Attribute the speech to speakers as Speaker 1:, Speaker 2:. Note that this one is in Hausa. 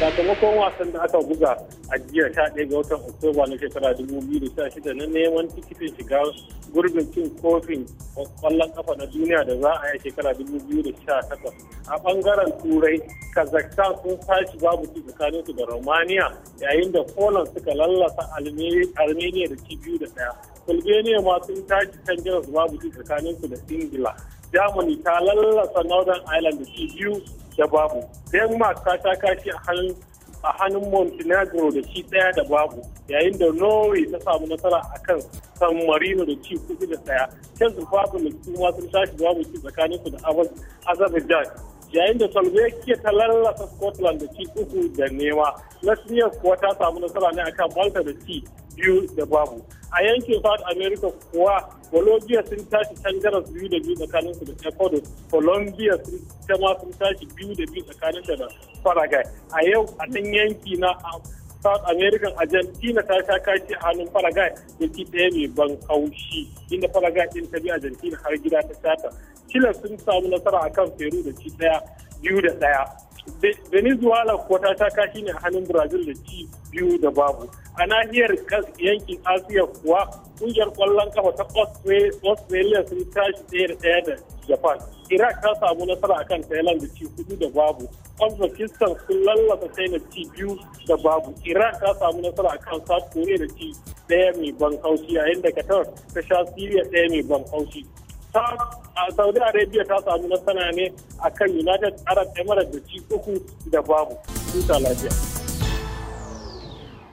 Speaker 1: sakamakon wasan da aka buga a jiya ta ɗaya ga watan oktoba na shekara 2016 na neman tikitin shiga gurbin cin kofin kwallon kafa na duniya da za a yi shekara 2018 a ɓangaren turai kazakhstan sun tashi babu ci tsakanin su da romania yayin da poland suka lallasa armenia da ci biyu da ɗaya bulgaria ma sun tashi can jiran babu ci tsakanin su da ingila germany ta lallasa northern island da ci biyu da babu denmark ta sha kashi a hannun montenegro da shi daya da babu yayin da norway ta samu nasara akan kan san marino da ci kudi da daya can ne su ma sun tashi babu ci tsakaninsu da azerbaijan yayin da Slovakia ta lallata Scotland da ci uku da nema. Latvia kuwa ta samu nasara ne akan Malta da ci biyu da babu a yankin south america kuwa bolivia sun tashi tangaras biyu da biyu tsakanin su da ecuador colombia sun tama sun tashi biyu da biyu tsakanin da paraguay a yau a nan yanki na south american argentina ta sha kashi a hannun paraguay da ci ɗaya mai ban haushi inda paraguay ɗin ta bi argentina har gida ta shata chile sun samu nasara akan peru da ci ɗaya biyu da ɗaya venezuela ko ta sha kashi ne a hannun brazil da ci biyu da babu a nahiyar yankin asiya kuwa kungiyar kwallon kafa ta australia sun tashi ɗaya da ɗaya da japan iraq ta samu nasara akan thailand da ci hudu da babu uzbekistan sun lallata china ci biyu da babu iraq ta samu nasara akan south korea da ci ɗaya mai ban haushi yayin da qatar ta sha syria ɗaya mai ban haushi saudi arabia ta samu nasara ne akan united arab emirates da ci uku da babu huta lafiya